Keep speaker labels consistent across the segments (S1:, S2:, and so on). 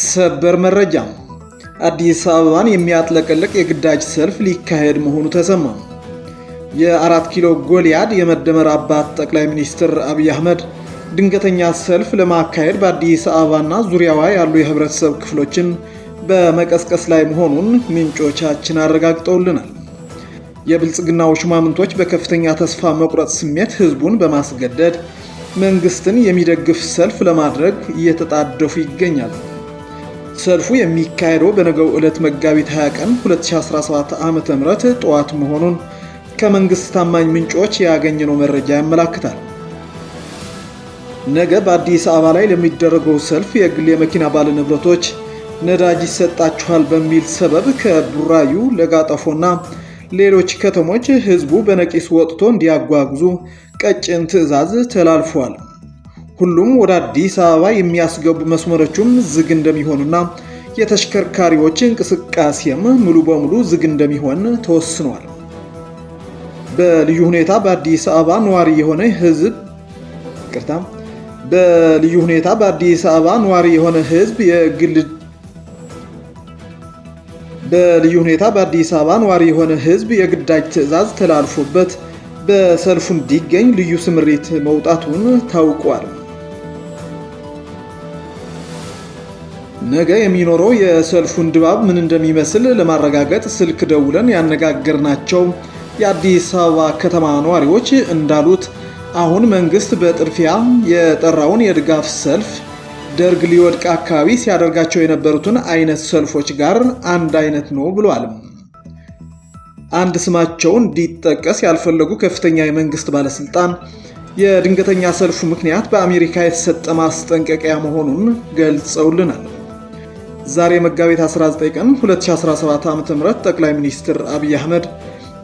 S1: ሰበር መረጃ አዲስ አበባን የሚያጥለቀልቅ የግዳጅ ሰልፍ ሊካሄድ መሆኑ ተሰማ። የአራት ኪሎ ጎልያድ የመደመር አባት ጠቅላይ ሚኒስትር አብይ አህመድ ድንገተኛ ሰልፍ ለማካሄድ በአዲስ አበባና ዙሪያዋ ያሉ የህብረተሰብ ክፍሎችን በመቀስቀስ ላይ መሆኑን ምንጮቻችን አረጋግጠውልናል። የብልጽግናው ሹማምንቶች በከፍተኛ ተስፋ መቁረጥ ስሜት ህዝቡን በማስገደድ መንግስትን የሚደግፍ ሰልፍ ለማድረግ እየተጣደፉ ይገኛሉ። ሰልፉ የሚካሄደው በነገው ዕለት መጋቢት 20 ቀን 2017 ዓ.ም ጠዋት መሆኑን ከመንግስት ታማኝ ምንጮች ያገኘነው መረጃ ያመላክታል። ነገ በአዲስ አበባ ላይ ለሚደረገው ሰልፍ የግል የመኪና ባለንብረቶች ነዳጅ ይሰጣችኋል በሚል ሰበብ ከቡራዩ ለጋጠፎና ሌሎች ከተሞች ህዝቡ በነቂስ ወጥቶ እንዲያጓጉዙ ቀጭን ትዕዛዝ ተላልፏል። ሁሉም ወደ አዲስ አበባ የሚያስገቡ መስመሮችም ዝግ እንደሚሆኑና የተሽከርካሪዎች እንቅስቃሴም ሙሉ በሙሉ ዝግ እንደሚሆን ተወስኗል። በልዩ ሁኔታ በአዲስ አበባ ነዋሪ የሆነ ህዝብ ቅርታ በልዩ ሁኔታ በአዲስ አበባ ነዋሪ የሆነ ህዝብ የግል በልዩ ሁኔታ በአዲስ አበባ ነዋሪ የሆነ ህዝብ የግዳጅ ትዕዛዝ ተላልፎበት በሰልፉ እንዲገኝ ልዩ ስምሪት መውጣቱን ታውቋል። ነገ የሚኖረው የሰልፉን ድባብ ምን እንደሚመስል ለማረጋገጥ ስልክ ደውለን ያነጋገርናቸው የአዲስ አበባ ከተማ ነዋሪዎች እንዳሉት አሁን መንግስት በጥድፊያ የጠራውን የድጋፍ ሰልፍ ደርግ ሊወድቅ አካባቢ ሲያደርጋቸው የነበሩትን አይነት ሰልፎች ጋር አንድ አይነት ነው ብሏል። አንድ ስማቸው እንዲጠቀስ ያልፈለጉ ከፍተኛ የመንግስት ባለስልጣን የድንገተኛ ሰልፉ ምክንያት በአሜሪካ የተሰጠ ማስጠንቀቂያ መሆኑን ገልጸውልናል። ዛሬ መጋቢት 19 ቀን 2017 ዓ.ም ጠቅላይ ሚኒስትር አብይ አህመድ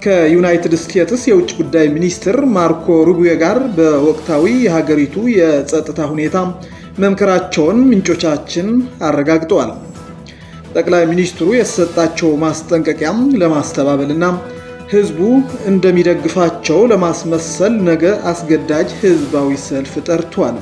S1: ከዩናይትድ ስቴትስ የውጭ ጉዳይ ሚኒስትር ማርኮ ሩቢዮ ጋር በወቅታዊ የሀገሪቱ የጸጥታ ሁኔታ መምከራቸውን ምንጮቻችን አረጋግጠዋል። ጠቅላይ ሚኒስትሩ የተሰጣቸው ማስጠንቀቂያም ለማስተባበልና ህዝቡ እንደሚደግፋቸው ለማስመሰል ነገ አስገዳጅ ህዝባዊ ሰልፍ ጠርቷል።